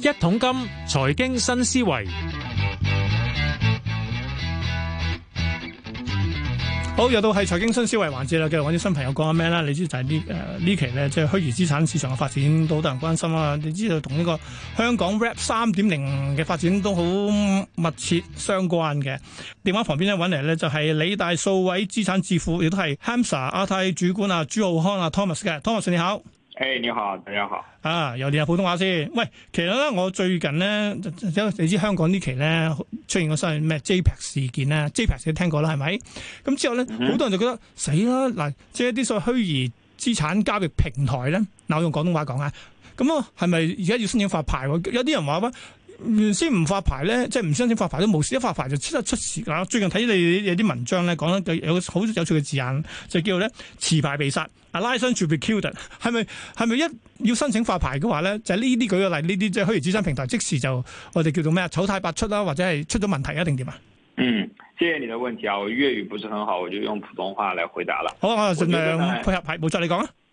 一桶金財經新思維，好又到係財經新思維環節啦，繼續揾啲新朋友講下咩啦？啊、你知、呃、就係呢誒呢期咧，即係虛擬資產市場嘅發展都好多人關心啦、啊。你知道同呢個香港 Rap 三點零嘅發展都好密切相關嘅。電話旁邊咧，揾嚟咧就係、是、理大數位資產智庫，亦都係 Hamsa 亞太主管啊朱皓康啊 Thomas 嘅 Thomas，你好。誒、hey，你好，大家好。啊，又練啊普通話先。喂，其實咧，我最近咧，你知香港呢期咧出現個新咩 JPEX 事件咧，JPEX 都聽過啦，係咪？咁之後咧，好、嗯、哼多人就覺得死啦。嗱，即係一啲所謂虛擬資產交易平台咧，嗱，我用廣東話講啊，咁啊，係咪而家要申請發牌？有啲人話乜？原先唔發牌咧，即係唔申請發牌都冇事，一發牌就出出事啦。最近睇你有啲文章咧，講咧有個好有趣嘅字眼，就叫咧持牌被殺啊，拉上住 to be killed，係咪係咪一要申請發牌嘅話咧，就呢、係、啲舉個例，呢啲即係虛擬資產平台即時就我哋叫做咩啊，醜態百出啦，或者係出咗問題啊，定點啊？嗯，謝謝你的問題啊，我粵語不是很好，我就用普通話來回答啦。好、啊，我又盡量配合牌，冇錯你講啦。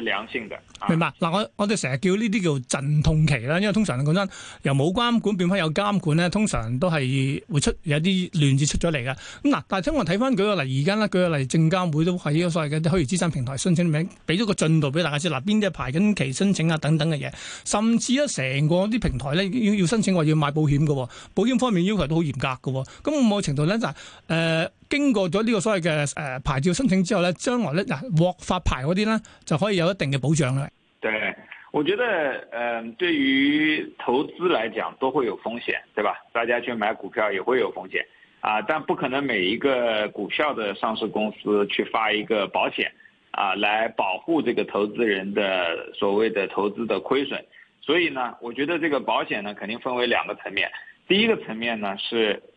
係良性嘅。啊、明白。嗱，我我哋成日叫呢啲叫陣痛期啦，因為通常你講真由冇監管變翻有監管咧，通常都係會出有啲亂子出咗嚟㗎。咁嗱，但係聽我睇翻舉個例，而家咧舉個例證監會都係呢個所謂嘅啲虛擬資產平台申請名，俾咗個進度俾大家知。嗱，邊啲係排緊期申請啊等等嘅嘢，甚至咧成個啲平台咧要要申請話要買保險嘅，保險方面要求都好嚴格嘅。咁某程度咧就誒，呃經過咗呢個所謂嘅誒、呃、牌照申請之後呢，將來呢、啊、獲發牌嗰啲呢就可以有一定嘅保障啦。對，我覺得嗯、呃、對於投資來講都會有風險，對吧？大家去買股票也會有風險啊，但不可能每一個股票的上市公司去發一個保險啊，來保護這個投資人的所謂的投資的虧損。所以呢，我覺得這個保險呢，肯定分為兩個層面，第一個層面呢是。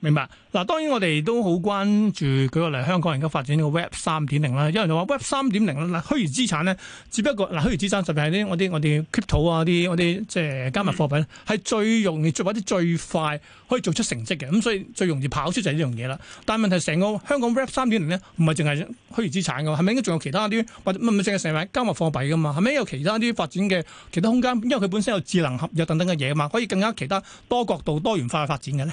明白嗱，當然我哋都好關注，舉個例，香港而家發展呢個 Web 三點零啦。因為你話 Web 三點零啦，嗱虛擬資產咧，只不過嗱虛擬資產特別係啲我啲我哋 crypto 啊啲我哋即係加密貨幣咧，係最容易做或者最快可以做出成績嘅，咁所以最容易跑出就係呢樣嘢啦。但係問題成個香港 Web 三點零咧，唔係淨係虛擬資產噶，係咪應該仲有其他啲，唔唔淨係成為加密貨幣噶嘛？係咪有其他啲發展嘅其他空間？因為佢本身有智能合約等等嘅嘢嘛，可以更加其他多角度多元化的發展嘅咧。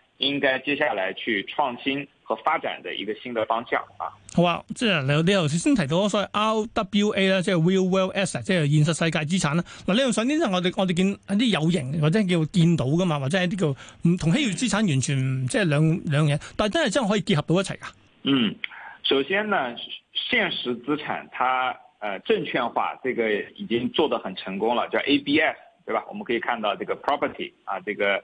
應該接下來去創新和發展的一個新的方向啊！好啊，即、就、係、是、你頭先提到所謂 RWA 咧，即係 real world asset 即係現實世界資產啦。嗱，呢樣上天就我哋我哋見啲有形，或者叫見到噶嘛，或者係啲叫唔同稀缺資產完全即係、就是、兩兩嘢，但真係真係可以結合到一齊噶。嗯，首先呢，現實資產它，它、呃、誒證券化，這個已經做得很成功啦，叫 ABS，對吧？我們可以看到這個 property 啊，這個。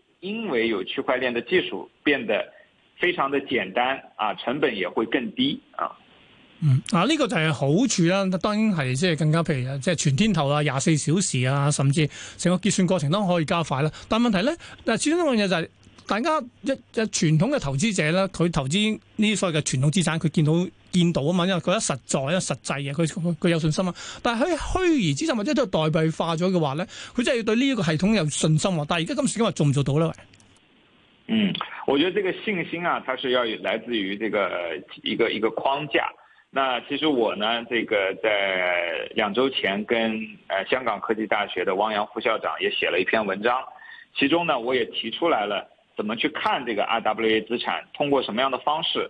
因為有區塊鏈的技術，變得非常的簡單啊，成本也會更低啊。嗯，啊呢、這個就係好處啦、啊，當然係即係更加譬如即係全天候啦、啊、廿四小時啊，甚至成個結算過程當中可以加快啦、啊。但問題咧，但、啊、係始終一樣嘢就係、是，大家一一傳統嘅投資者咧，佢投資呢啲所謂嘅傳統資產，佢見到。見到啊嘛，因為覺得實在，因為實際嘅，佢佢有信心啊。但係喺虛擬資產或者係代幣化咗嘅話咧，佢真係要對呢一個系統有信心喎。但係而家今時今日做唔做到咧？嗯，我覺得這個信心啊，它是要來自於這個一個一個框架。那其實我呢，這個在兩週前跟、呃、香港科技大學的汪洋副校長也寫了一篇文章，其中呢，我也提出來了，怎麼去看這個 RWA 資產，通過什麼樣的方式？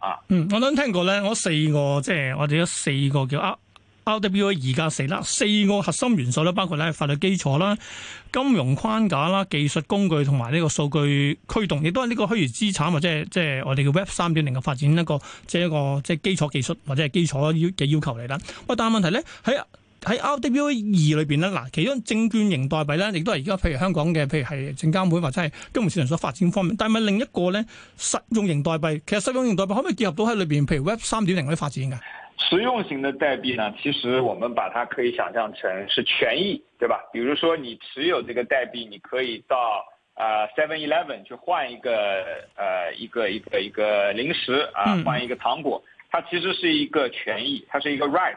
啊，嗯，我都聽過咧，我四個即係我哋有四個叫 RWA 二加四啦，四個核心元素咧，包括咧法律基礎啦、金融框架啦、技術工具同埋呢個數據驅動，亦都係呢個虛擬資產或者係即係我哋叫 Web 三點零嘅發展一個即係一個即係基礎技術或者係基礎嘅要求嚟啦。喂，但係問題咧喺。喺 RWA 二裏邊呢，嗱，其中證券型代幣咧，亦都係而家譬如香港嘅，譬如係證監會或者係金融市場所發展方面。但係另一個咧實用型代幣？其實實用型代幣可唔可以結合到喺裏邊？譬如 Web 三點零嗰啲發展嘅實用型嘅代幣呢？其實我們把它可以想象成是權益，對吧？比如說你持有這個代幣，你可以到啊 Seven Eleven 去換一個呃一個一個一個,一個零食啊，換一個糖果。它其實是一個權益，它是一個 right。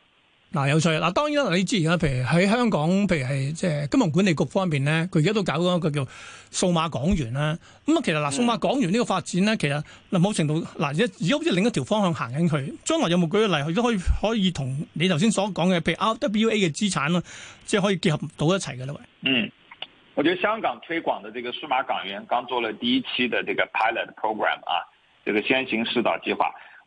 嗱、啊、有趣。嗱、啊、當然啦，你知而家，譬如喺香港，譬如係即係金融管理局方面咧，佢而家都搞咗一個叫數碼港元啦。咁啊，其實嗱、啊、數碼港元呢個發展咧，其實嗱某程度嗱而家好似另一條方向行緊去。將來有冇舉個例，佢都可以可以同你頭先所講嘅，譬如 RWA 嘅資產啦、啊，即係可以結合到一齊嘅喂，嗯，我覺得香港推廣嘅呢個數碼港元，剛做了第一期嘅呢個 pilot program 啊，呢、這個先行試導計劃。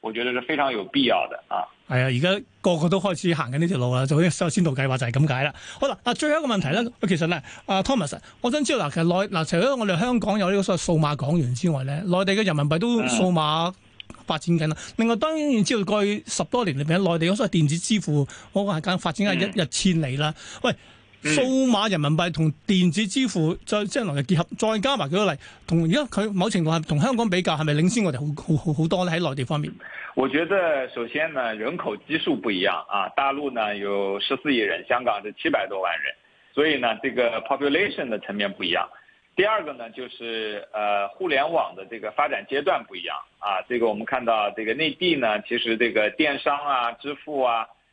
我覺得是非常有必要的啊！係啊，而家個個都開始行緊呢條路啦，就因為先導計劃就係咁解啦。好啦，啊，最後一個問題咧，其實咧、啊、Thomas 我想知道嗱，其實內嗱除咗我哋香港有呢個所謂數碼港元之外咧，內地嘅人民幣都數碼發展緊啦。嗯、另外當然知道過去十多年裏邊，內地嗰個電子支付我個係緊發展係一、嗯、日千里啦。喂。數碼人民幣同電子支付再將來嘅結合，再加埋舉個例，同而家佢某情況係同香港比較，係咪領先我哋好好好，好多咧？喺內地方面？我覺得首先呢，人口基數唔一樣啊，大陸呢有十四億人，香港就七百多萬人，所以呢，這個 population 的層面唔一樣。第二個呢，就是呃，互聯網的這個發展階段唔一樣啊。這個我們看到，這個內地呢，其實這個電商啊、支付啊。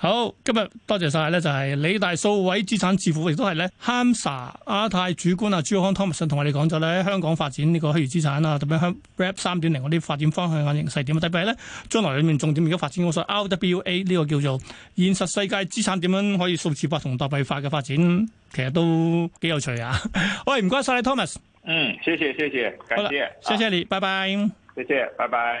好，今日多謝晒咧，就係李大數位資產致富，亦都係咧，HAMSA 亞太主管啊，朱康 Thomas 同我哋講咗咧，香港發展呢個虛擬資產啊，特別係 RAP 三點零嗰啲發展方向嘅形勢點，特別係咧，將來裏面重點而家發展嗰個 RWA 呢個叫做現實世界資產點樣可以數字化同代幣化嘅發展，其實都幾有趣啊！喂， 唔該晒你，Thomas。嗯，謝謝謝謝，好謝謝 Sir 你，拜拜，謝謝，拜拜。